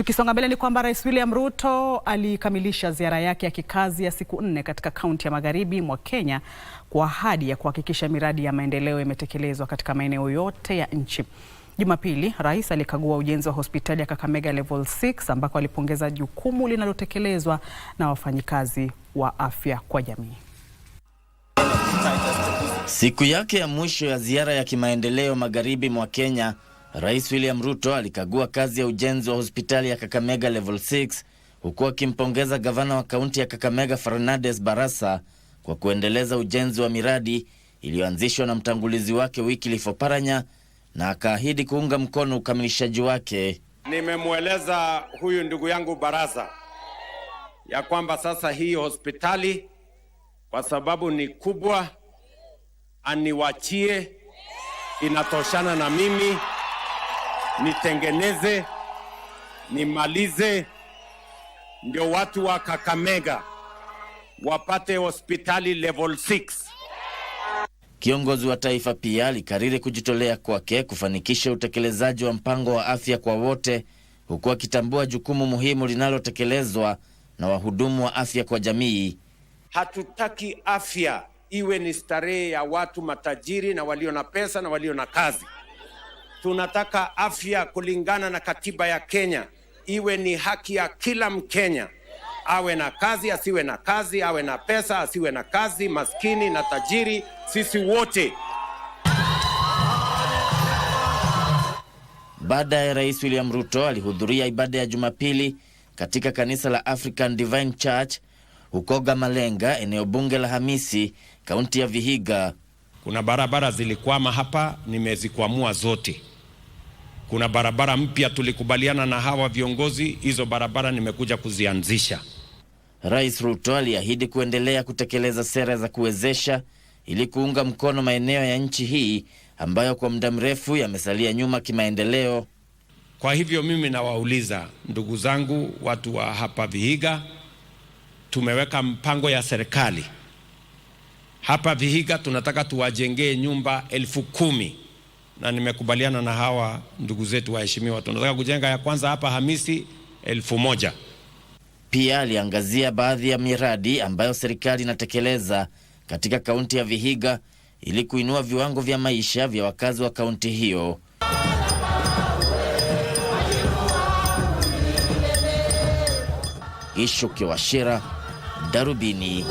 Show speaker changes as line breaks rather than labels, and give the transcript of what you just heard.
Tukisonga mbele ni kwamba Rais William Ruto alikamilisha ziara yake ya kikazi ya siku nne katika kaunti ya magharibi mwa Kenya kwa ahadi ya kuhakikisha miradi ya maendeleo imetekelezwa katika maeneo yote ya nchi. Jumapili, Rais alikagua ujenzi wa hospitali ya Kakamega Level 6 ambako alipongeza jukumu linalotekelezwa na wafanyikazi wa afya kwa jamii.
Siku yake ya mwisho ya ziara ya kimaendeleo magharibi mwa Kenya Rais William Ruto alikagua kazi ya ujenzi wa hospitali ya Kakamega Level 6 huku akimpongeza gavana wa kaunti ya Kakamega Fernandes Barasa kwa kuendeleza ujenzi wa miradi iliyoanzishwa na mtangulizi wake Wycliffe Oparanya na akaahidi kuunga mkono ukamilishaji wake.
Nimemweleza huyu ndugu yangu Barasa ya kwamba sasa hii hospitali kwa sababu ni kubwa, aniwachie, inatoshana na mimi nitengeneze, nimalize, ndio watu wa Kakamega wapate hospitali level 6.
Kiongozi wa taifa pia alikariri kujitolea kwake kufanikisha utekelezaji wa mpango wa afya kwa wote, huku akitambua jukumu muhimu linalotekelezwa na wahudumu wa afya kwa jamii.
Hatutaki afya iwe ni starehe ya watu matajiri na walio na pesa na walio na kazi. Tunataka afya kulingana na katiba ya Kenya iwe ni haki ya kila Mkenya, awe na kazi asiwe na kazi, awe na pesa asiwe na kazi, maskini na tajiri, sisi wote.
baada ya Rais William Ruto alihudhuria ibada ya Jumapili katika kanisa la African Divine Church huko Gamalenga, eneo bunge la Hamisi, kaunti ya Vihiga.
Kuna barabara zilikwama hapa, nimezikwamua zote kuna barabara mpya tulikubaliana na hawa viongozi, hizo barabara nimekuja kuzianzisha.
Rais Ruto aliahidi kuendelea kutekeleza sera za kuwezesha ili kuunga mkono maeneo ya nchi hii ambayo kwa muda mrefu yamesalia nyuma kimaendeleo.
Kwa hivyo mimi nawauliza ndugu zangu, watu wa hapa Vihiga, tumeweka mpango ya serikali hapa Vihiga, tunataka tuwajengee nyumba elfu kumi na nimekubaliana na hawa ndugu zetu waheshimiwa, tunataka kujenga ya kwanza hapa Hamisi elfu moja.
Pia aliangazia baadhi ya miradi ambayo serikali inatekeleza katika kaunti ya Vihiga ili kuinua viwango vya maisha vya wakazi wa kaunti hiyo. Ishuke Washira, Darubini.